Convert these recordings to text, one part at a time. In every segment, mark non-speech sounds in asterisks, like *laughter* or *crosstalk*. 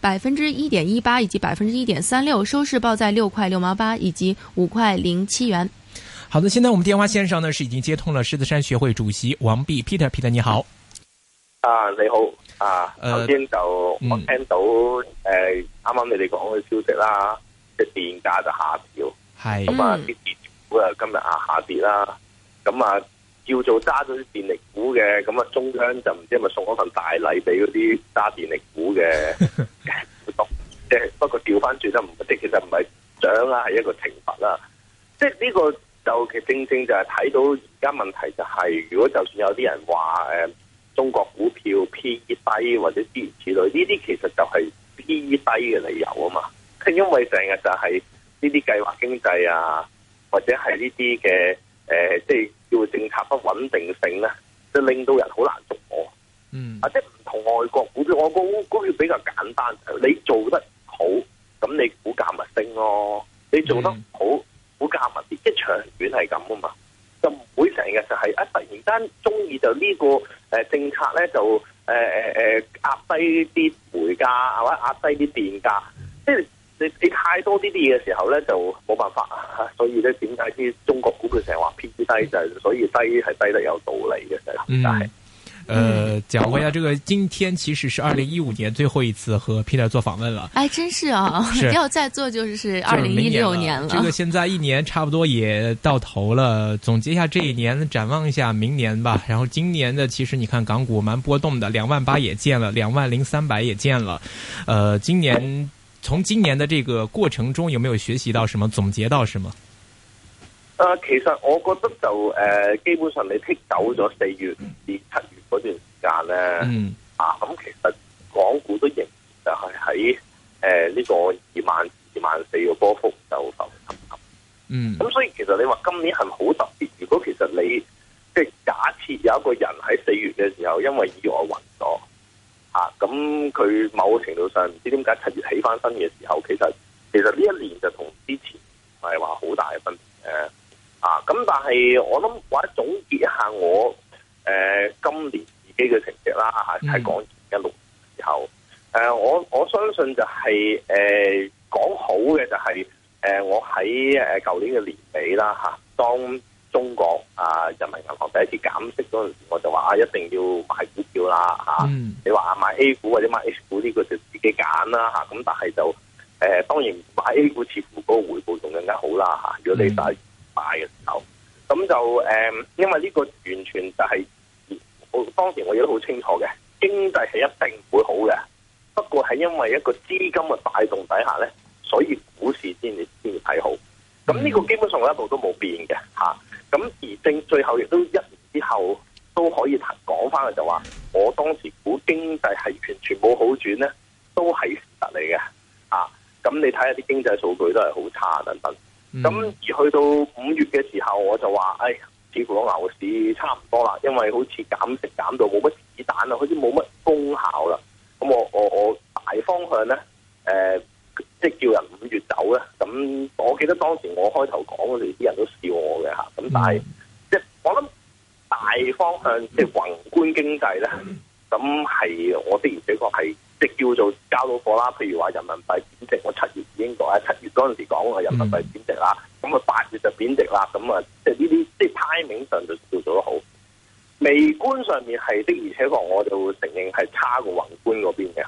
百分之一點一八以及百分之一點三六，收市報在六塊六毛八以及五塊零七元。好的，現在我們電話線上呢是已經接通了獅子山學會主席王弼 Peter Peter 你好。啊，你好啊，頭先就、呃、我聽到誒，啱、嗯、啱你哋講嘅消息啦，即係電價就下調，係咁啊，啲跌股啊今日啊下跌啦，咁啊。叫做揸咗啲電力股嘅，咁啊中央就唔知係咪送咗份大禮俾嗰啲揸電力股嘅，即 *laughs* 係 *laughs* 不過調翻轉啦，唔即係其實唔係獎啦，係一個懲罰啦。即係呢個就其正正就係睇到而家問題就係、是，如果就算有啲人話誒中國股票 PE 低或者諸如此類呢啲，其實就係 PE 低嘅理由啊嘛，係因為成日就係呢啲計劃經濟啊，或者係呢啲嘅誒，即、呃、係。就是政策不穩定性咧，就令到人好難捉摸嗯，啊，即係唔同外國股票，我個股票比較簡單。你做得好，咁你股價咪升咯。你做得不好，股價咪跌。即係長遠係咁噶嘛，就唔會成日就係、是、一、啊、突然間中意就呢、這個誒、呃、政策咧，就誒誒誒壓低啲煤價係壓低啲電價，即、就、係、是。你你太多呢啲嘢嘅時候呢，就冇辦法啊！所以呢，點解啲中國股票成日話 PE 低就？所以低係低得有道理嘅，係。嗯，呃，講、嗯、翻下，這個今天其實是二零一五年最後一次和 Peter 做訪問啦。哎，真是啊，是要再做就是二零一六年了。這個現在一年差不多也到頭了，總結一下這一年，展望一下明年吧。然後今年呢，其實你看港股蠻波動的，兩萬八也見了，兩萬零三百也見了。呃，今年。從今年的這個過程中，有沒有學習到什麼？總結到什麼？誒、呃，其實我覺得就誒、呃，基本上你剔走咗四月至七月嗰段時間咧、嗯，啊，咁、嗯、其實港股都仍然就係喺誒呢個二萬二萬四個波幅就浮浮沉沉。嗯，咁所以其實你話今年係咪好特別？如果其實你即係假設有一個人喺四月嘅時候，因為意外暈咗。吓，咁佢某程度上唔知點解七月起翻身嘅時候，其實其實呢一年就同之前唔係話好大嘅分別，誒，啊，咁但係我諗或者總結一下我誒、呃、今年自己嘅成績啦吓，喺、啊就是、港鐵一六年嘅時候，誒、啊、我我相信就係誒講好嘅就係、是、誒、呃、我喺誒舊年嘅年尾啦吓當。中國啊，人民銀行第一次減息嗰陣時，我就話啊，一定要買股票啦吓，嗯啊。你話啊，買 A 股或者買 H 股呢個就自己揀啦吓。咁、啊、但係就誒、呃，當然買 A 股似乎嗰個回報仲更加好啦吓。如果你大買嘅時候，咁就誒、嗯，因為呢個完全就係、是，我當時我亦都好清楚嘅，經濟係一定會好嘅。不過係因為一個資金嘅帶動底下咧，所以股市先至先至睇好。咁呢個基本上我一步都冇變嘅吓。啊咁而正，最後亦都一年之後都可以講翻佢，就話我當時估經濟係完全冇好轉呢都係事實嚟嘅啊。咁你睇下啲經濟數據都係好差等等。咁、嗯、而去到五月嘅時候，我就話，誒、哎。而且確係即叫做交到貨啦，譬如話人民幣貶值，我七月已經講，喺七月嗰陣時講啊，人民幣貶值啦，咁、嗯、啊八月就貶值啦，咁啊即係呢啲即係 timing 上就做咗好。微觀上面係的，而且確我就承認係差過宏觀嗰邊嘅。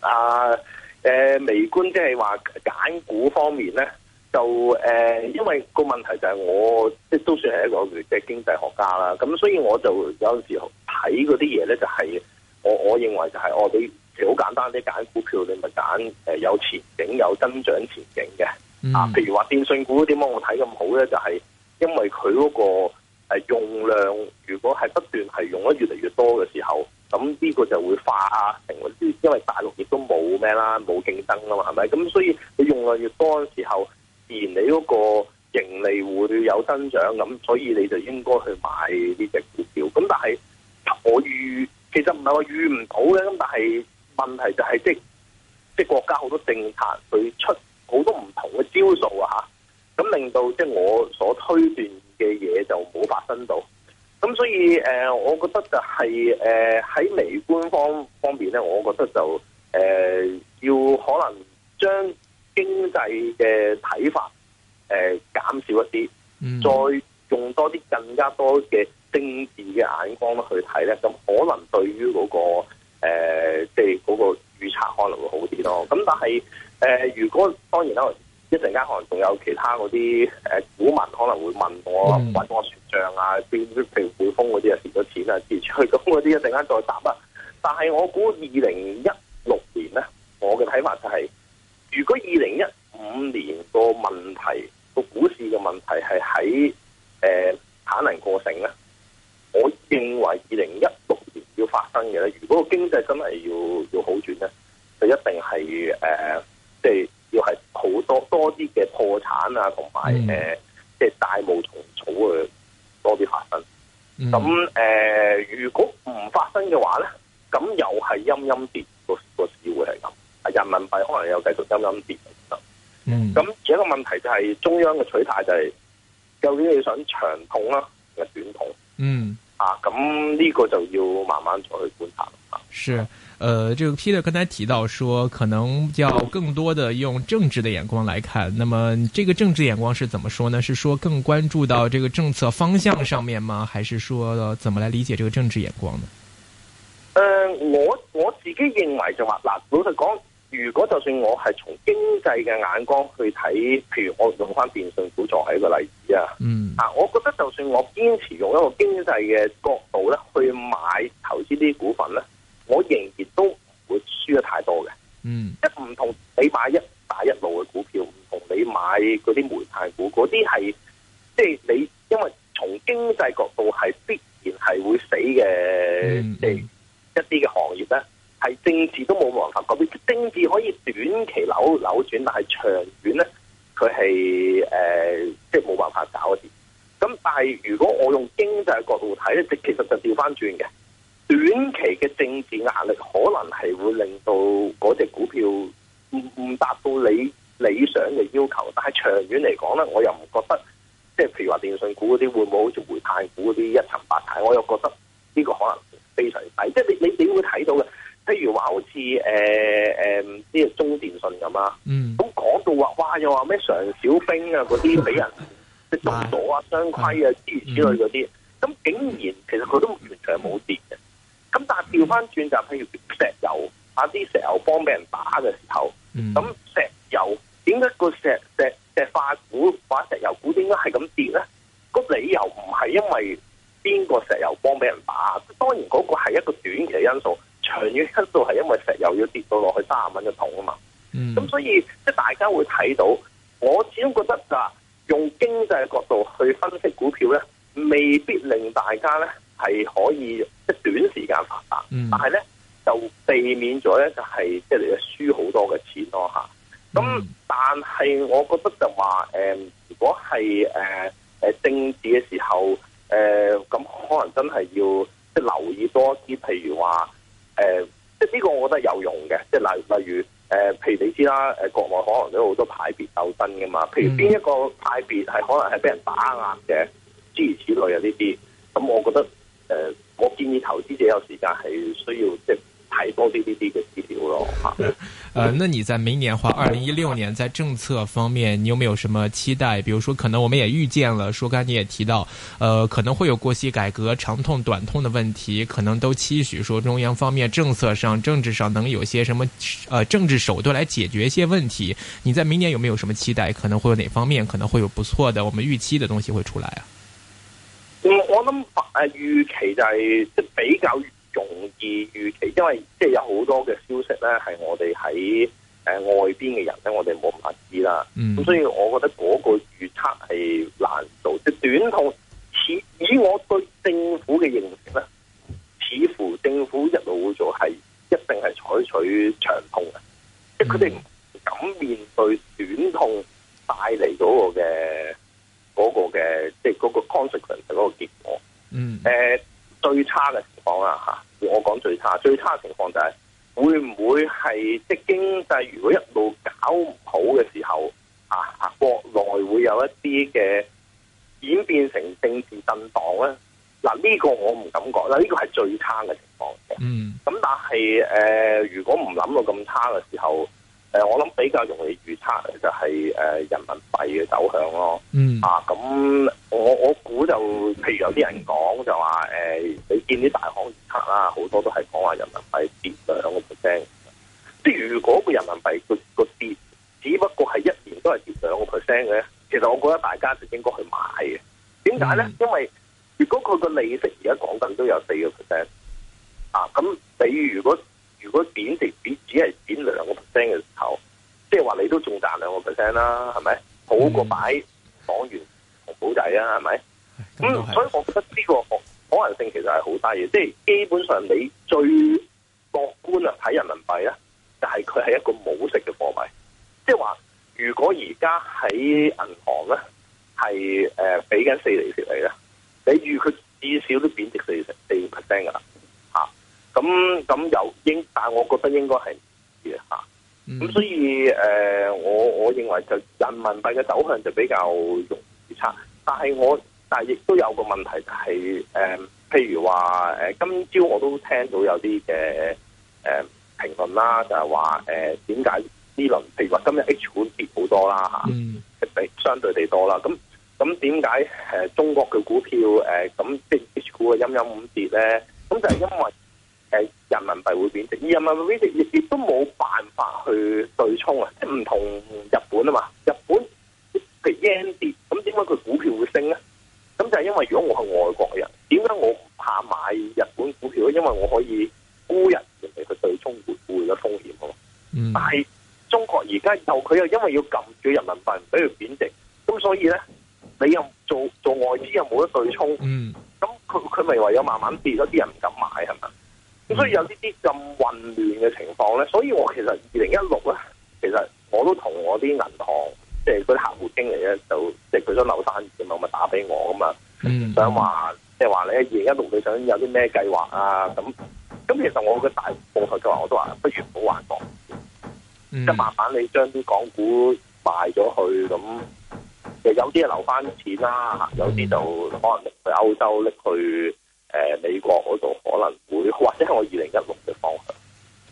啊，誒、呃，微觀即係話揀股方面咧，就誒、呃，因為個問題就係我即係都算係一個即係經濟學家啦，咁所以我就有陣時睇嗰啲嘢咧就係、是。我我認為就係我你，好簡單啲揀股票，你咪揀誒有前景、有增長前景嘅、嗯、啊。譬如話電信股點解，我睇咁好咧，就係、是、因為佢嗰個誒用量，如果係不斷係用得越嚟越多嘅時候，咁呢個就會化成成，因為大陸亦都冇咩啦，冇競爭啊嘛，係咪？咁所以你用量越多嘅時候，自然你嗰個盈利會有增長，咁所以你就應該去買呢隻股票。咁但係我預。其實唔係話遇唔到嘅，咁但係問題就係即係即係國家好多政策，佢出好多唔同嘅招數啊，吓咁令到即係、就是、我所推斷嘅嘢就冇發生到。咁所以誒、呃，我覺得就係誒喺微觀方方面咧，我覺得就誒、呃、要可能將經濟嘅睇法誒減、呃、少一啲，再用多啲更加多嘅。政治嘅眼光去睇咧，咁可能對於嗰個誒即係嗰個預測可能會好啲咯。咁但係誒、呃，如果當然啦，一陣間可能仲有其他嗰啲誒股民可能會問我揾我算賬啊，變譬，譬如匯豐嗰啲啊，蝕咗錢啊，跌出去咁嗰啲一陣間再答啦。但係我估二零一六年咧，我嘅睇法就係、是，如果二零一。係中央嘅取態就係究竟你想長痛啦定係短痛？嗯，啊咁呢個就要慢慢再去觀察啦、啊。是，呃，這個 Peter 剛才提到說，可能要更多的用政治的眼光來看。那麼，這個政治眼光是怎麼說呢？是說更關注到這個政策方向上面嗎？還是說怎麼來理解這個政治眼光呢？嗯、呃，我我自己認為就話、是、嗱，老實講。如果就算我係從經濟嘅眼光去睇，譬如我用翻電信股作為一個例子啊、嗯，啊，我覺得就算我堅持用一個經濟嘅角度咧去買投資啲股份咧，我仍然都會輸得太多嘅。嗯，即係唔同你買一帶一路嘅股票，唔同你買嗰啲煤炭股，嗰啲係即係你，因為從經濟角度係必然係會死嘅，即、嗯、係、即係、一啲嘅行業咧。係政治都冇辦法改變，政治可以短期扭扭轉，但係長遠咧，佢係誒即係冇辦法搞嘅。咁但係如果我用經濟角度睇咧，其實就調翻轉嘅。短期嘅政治壓力可能係會令到嗰隻股票唔唔達到你理想嘅要求，但係長遠嚟講咧，我又唔覺得，即係譬如話電信股嗰啲會唔會好似煤炭股嗰啲一沉百踩。我又覺得呢個可能非常之大，即係你你你會睇到嘅。譬如話好似誒誒，啲、呃呃、中電信咁啊，咁、嗯、講到話，哇又話咩常小兵啊，嗰啲俾人即捉咗啊、雙規啊、之之類嗰啲，咁、嗯、竟然其實佢都完全係冇跌嘅。咁但係調翻轉，就譬如石油啊，啲石油幫，俾人打嘅時候，咁、嗯、石油點解個石石石化股，話石油股點解係咁跌咧？個理由唔係因為邊個石油幫俾人打，當然嗰個係一個短期因素。長遠因素係因為石油要跌到落去三十蚊一桶啊嘛，咁、嗯、所以即係大家會睇到，我始終覺得嗱、就是，用經濟嘅角度去分析股票咧，未必令大家咧係可以即係短時間發達，嗯、但係咧就避免咗咧就係即係你輸好多嘅錢咯吓。咁但係我覺得就話誒、呃，如果係誒誒政治嘅時候誒，咁、呃、可能真係要即係留意多啲，譬如話。誒、呃，即係呢個我覺得有用嘅，即係例例如誒、呃，譬如你知啦，誒、呃、國內可能都有好多派別鬥爭噶嘛，譬如邊一個派別係可能係俾人打壓嘅，諸如此類啊呢啲，咁、嗯、我覺得誒、呃，我建議投資者有時間係需要即太多呢啲啲嘅資料咯，哈，呃，那你在明年話二零一六年，在政策方面，你有沒有什麼期待？比如說，可能我們也預見了，說剛才你也提到，呃，可能會有國企改革長痛短痛的問題，可能都期許說中央方面政策上、政治上能有些什麼，呃政治手段來解決一些問題。你在明年有沒有什麼期待？可能會有哪方面可能會有不錯的，我們預期的東西會出來啊？嗯、我諗誒，預期就係即比較。容易預期，因為即係有好多嘅消息咧，係我哋喺誒外邊嘅人咧，我哋冇法知啦。咁、嗯、所以，我覺得嗰個預測係難做。短痛，似以我對政府嘅認識咧，似乎政府一路會做係一定係採取長痛嘅，即係佢哋唔敢面對短痛帶嚟嗰個嘅嗰個嘅，即係嗰個 consequence 嗰個結果。嗯，誒、呃。最差嘅情況啦嚇，我講最差，最差嘅情況就係會唔會係即經濟如果一路搞唔好嘅時候啊啊，國內會有一啲嘅，演變成政治震盪咧。嗱、這、呢個我唔敢講，嗱、這、呢個係最差嘅情況。嗯，咁但係誒、呃，如果唔諗到咁差嘅時候。誒、呃，我諗比較容易預測就係、是、誒、呃、人民幣嘅走向咯。嗯，啊，咁我我估就，譬如有啲人講就話，誒、呃，你見啲大行預測啦，好多都係講話人民幣跌兩個 percent。即如果個人民幣佢個跌只不過係一年都係跌兩個 percent 嘅，其實我覺得大家就應該去買嘅。點解咧？嗯、因為如果佢個利息而家講緊都有四個 percent，啊，咁比如如果。如果貶值只只係貶兩個 percent 嘅時候，即係話你都仲賺兩個 percent 啦，係咪？好過擺港元，同保仔啊，係、嗯、咪？咁、嗯、所以我覺得呢個可能性其實係好低嘅，即、就、係、是、基本上你最樂觀啊，睇人民幣啊，就係佢係一個冇息嘅貨幣，即係話如果而家喺銀行咧係誒俾緊四厘息你啦，你預佢至少都貶值四四 percent 噶啦。咁咁有應，但係我覺得應該係唔吓。咁所以誒、呃，我我認為就人民幣嘅走向就比較容易預測。但係我但係亦都有個問題就係、是、誒、呃，譬如話誒、呃，今朝我都聽到有啲嘅誒評論啦，就係話誒，點解呢輪譬如話今日 H 股跌好多啦吓，嗯、相對地多啦。咁咁點解誒中國嘅股票誒咁即係 H 股嘅陰陰五跌咧？咁就係因為。人民幣會貶值，而人民幣貶值亦亦都冇辦法去對沖啊！即係唔同日本啊嘛，日本嘅 yen 跌，咁點解佢股票會升咧？咁就係因為如果我係外國人，點解我唔怕買日本股票咧？因為我可以沽人嘅幣去對沖匯匯嘅風險咯。嗯，但係中國而家又佢又因為要撳住人民幣唔俾佢貶值，咁所以咧，你又做做外資又冇得對沖，嗯，咁佢佢咪唯有慢慢跌咗啲人唔所以我其實二零一六咧，其實我都同我啲銀行，即係啲客戶經理咧，就即係佢想扭生意嘛，咪打俾我咁啊、嗯，想話即係話你二零一六你想有啲咩計劃啊？咁咁其實我嘅大方向計劃我都話不如唔好還房，即係慢慢你將啲港股賣咗去，咁有啲係留翻錢啦、啊，有啲就可能去歐洲，去誒、呃、美國嗰度可能會，或者我二零一六嘅方向。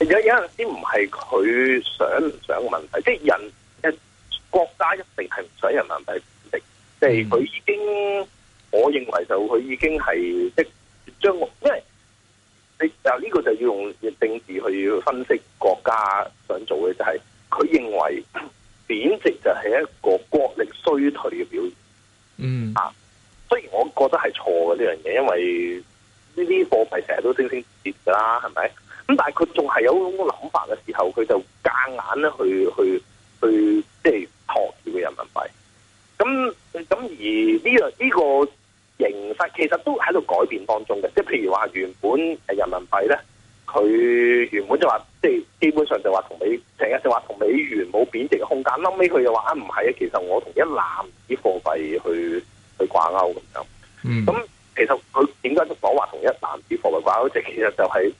有有陣時唔係佢想唔想嘅問題，即係人一國家一定係唔想人民幣跌，即係佢已經我認為就佢已經係即係將，因為你嗱呢、這個就要用政治去分析國家想做嘅就係、是、佢認為貶值就係一個國力衰退嘅表現。嗯啊，雖然我覺得係錯嘅呢樣嘢，因為呢啲貨幣成日都升升跌跌噶啦，係咪？咁但係佢仲係有種諗法嘅時候，佢就夾硬咧去去去，即係托住嘅人民幣。咁咁而呢樣呢個形勢，其實都喺度改變當中嘅。即係譬如話，原本誒人民幣咧，佢原本就話，即係基本上就話同美成日就話同美元冇貶值嘅空間。後尾佢又話啊，唔係啊，其實我同一籃子貨幣去去掛鈎咁樣。嗯，咁其實佢點解都講話同一籃子貨幣掛鈎，即係其實就係、是。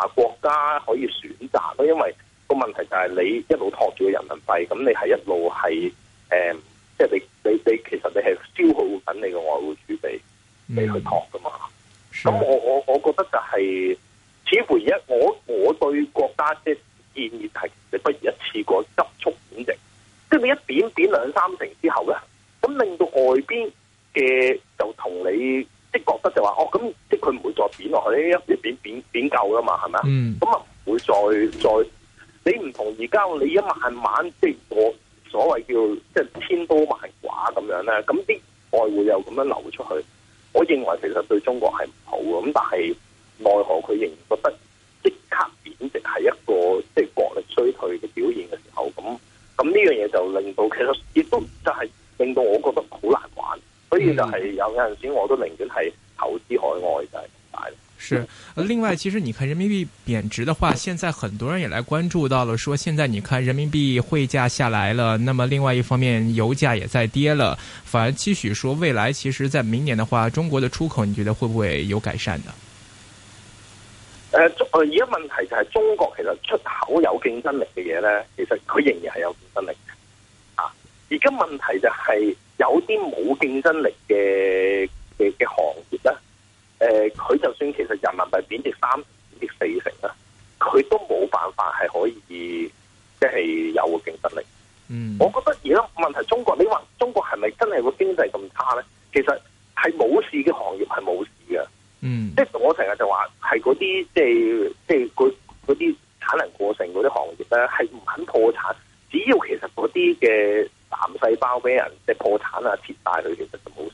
啊！國家可以選擇咯，因為個問題就係你一路托住個人民幣，咁你係一路係誒即係你你你其實你係消耗緊你嘅外匯儲備，你去托噶嘛。咁、Mm. Sure. 我我我覺得就係、是、似乎而家我我對國家即係建議係，你不如一次過急速貶值，即係你一點點兩三成。貶貶夠啦嘛，係咪啊？咁、嗯、啊，唔會再再你唔同而家你一慢慢即係、就是、我所謂叫即係千刀萬剮咁樣咧，咁啲外匯又咁樣流出去，我認為其實對中國係唔好嘅，咁但係奈何佢仍然覺得即刻貶值係一個即係、就是、國力衰退嘅表現嘅時候，咁咁呢樣嘢就令到其實亦都真係令到我覺得好難玩，所以就係有陣時我都寧願係投資海外就係咁大。是，呃，另外，其實你看人民幣貶值的話，現在很多人也來關注到了，說現在你看人民幣匯價下來了，那麼另外一方面，油價也在跌了，反而期許說未來，其實，在明年的話，中國的出口，你覺得會不會有改善呢？呃，呃，而家問題就係中國其實出口有競爭力嘅嘢呢，其實佢仍然係有競爭力，啊，而家問題就係有啲冇競爭力嘅嘅嘅行業呢。誒、呃，佢就算其實人民幣貶值三、貶值四成啦，佢都冇辦法係可以，即、就、係、是、有競爭力。嗯、mm.，我覺得而家問題，中國你話中國係咪真係個經濟咁差咧？其實係冇事嘅行業係冇事嘅。嗯、mm.，即係我成日就話係嗰啲，即係即係嗰啲產能過剩嗰啲行業咧，係唔肯破產。只要其實嗰啲嘅癌細胞俾人即係、就是、破產啊，切晒佢，其實就冇事。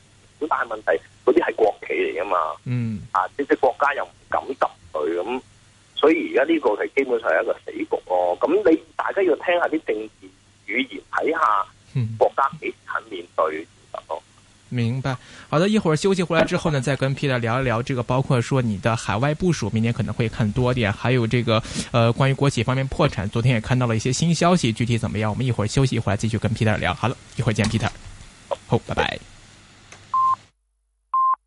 但係問題。嗰啲係國企嚟噶嘛？嗯，啊，即係國家又唔敢執佢咁，所以而家呢個係基本上係一個死局咯、哦。咁你大家要聽下啲政治語言，睇下國家幾時肯面對。明白，好的，一會兒休息回來之後呢，再跟 Peter 聊一聊。這個包括說你的海外部署，明年可能會看多點，還有這個，呃，關於國企方面破產，昨天也看到了一些新消息，具體怎麼樣？我們一會兒休息，回來繼續跟 Peter 聊。好了，一會兒見，Peter，好，拜拜。